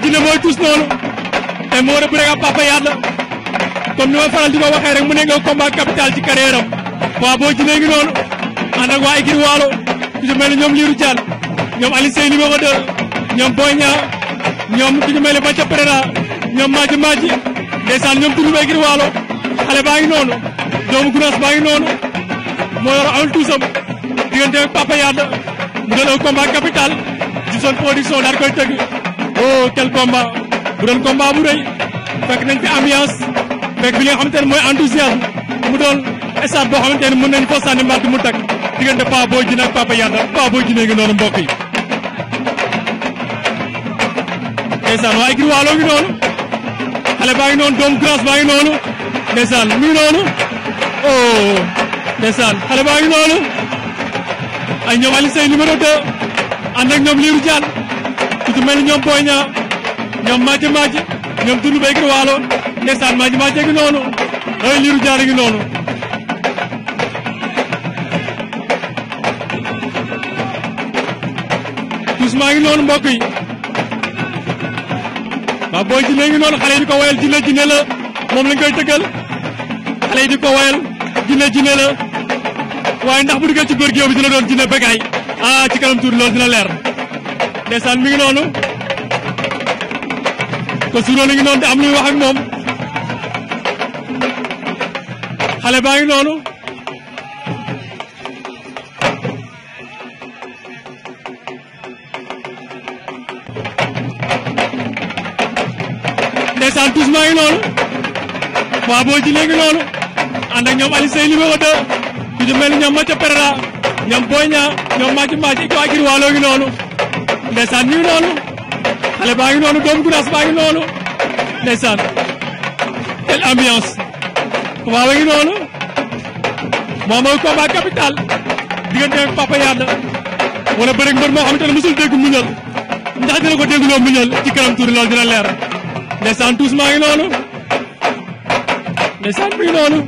Boy Djiné mooy tus noonu te moo rek bu rek a Papa Yade ni ma faral di ko waxee rek mu ne nga combat capital ci carrière am waaw Boy Djiné ngi noonu ànd ak waa Ikir Waalo ku ci mel ne ñoom Lirou Diane ñoom Aliou Seye numéro 2 ñoom Boy Niang ñoom ku ci mel ne Bathia Pereira ñoom Madji Madji ndeysaan ñoom tudd ba Waalo xale baa ngi noonu doomu Gunaas baa ngi noonu moo yor amul tuusam diggante Papa Yade mu doon un combat capital Jibson production oh quel combat bu doon combat bu rëy fekk nañ fi ambiance fekk bi nga xamante ne mooy enthousiasme mu doon stade boo xamante ne mën nañ foo sànni mbaat mu tag diggante Paa Boy Djiné ak Papa Yada Paa Boy Djiné ngi noonu mbokk yi. ndeysaan waa Igri Waalo ngi noonu xale baa ngi noonu doom grâce baa ngi noonu ndeysaan mi ngi noonu oh ndeysaan xale baa ngi noonu ay ñoom Aliou Seye numéro 2 ànd ak ñoom Lirou Diane. ku ci mel ñoom Boy Niang ñoom Madji Madji ñoom Doudou Mbaye kër Waalo ndeysaan Madji Madji ngi noonu ay Lirou Diane ngi noonu tous maa ngi noonu mbokk yi waaw booy jinne ngi noonu xale yi di ko woyal jinne jinne la moom lañ koy tëggal xale yi di ko woyal jinne jinne la waaye ndax bu duggee ci góor géew bi dina doon jinne bagaay ah ci kanam tuuti loolu dina leer ndeysaan mi ngi noonu ko suuroo ngi noonu te am luy wax moom xale baa ngi noonu ndeysaan tous maa ngi noonu waa boo ji léegi noonu ànd ak ñoom Aliou Seye numéro 2 ku ci mel ni ñoom Mathia Perera ñoom Boy Niang ñoom Madji Madji i ko agir ngi noonu ndeysaan mi ngi noonu xale baa ngi noonu doomu Gounass baa ngi noonu ndeysaan quelle ambiance waaw a ngi noonu moom mooy combat capital diggante ak Papa Yade wala bëreeg mbër moo xamante ne mosul dégg muñal ndax dina ko déggloo muñal ci kanam tuuri loolu dina leer ndeysaan tous maa ngi noonu ndeysaan mi ngi noonu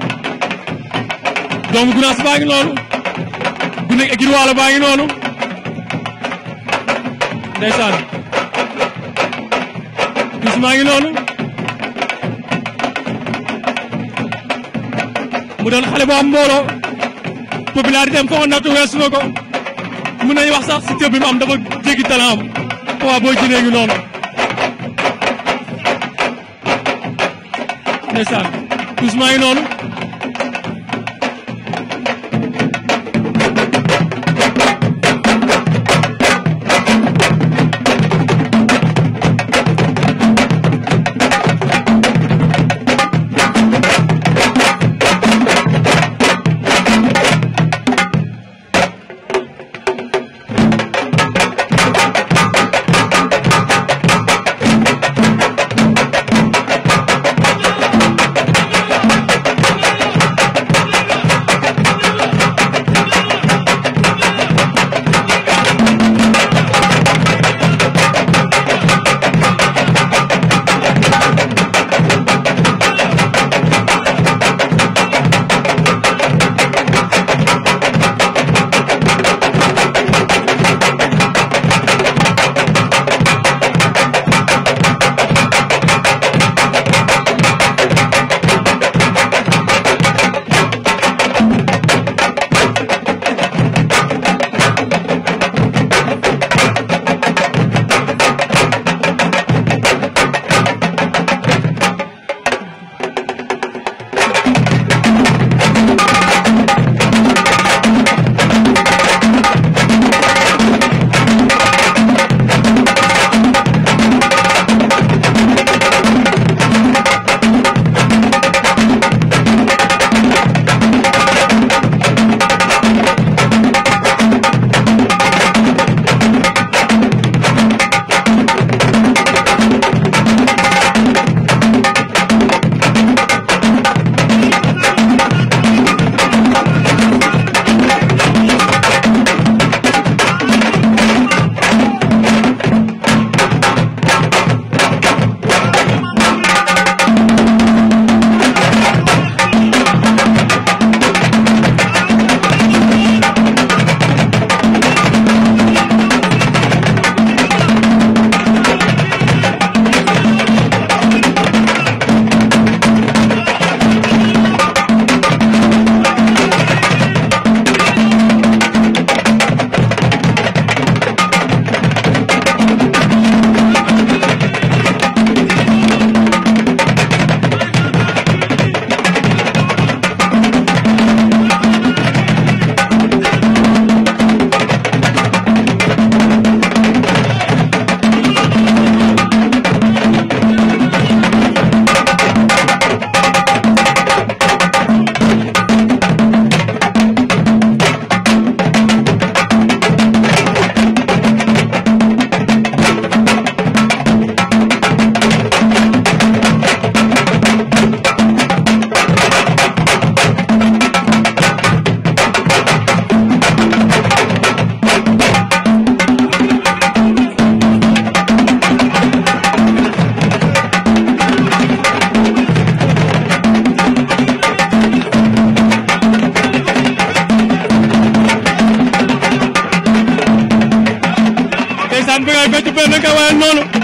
doomu Gounass baa ngi noonu gune ak Waalo baa ngi noonu ndeysaan bis maa ngi noonu mu doon xale bu am mbooloo popularité am foo nattu weesu na ko mën nañu wax sax si tëb bi mu am dafa jéggi talent am Papa Boy Djiné noonu ndeysaan bis maa ngi noonu te becc que vai, é mano.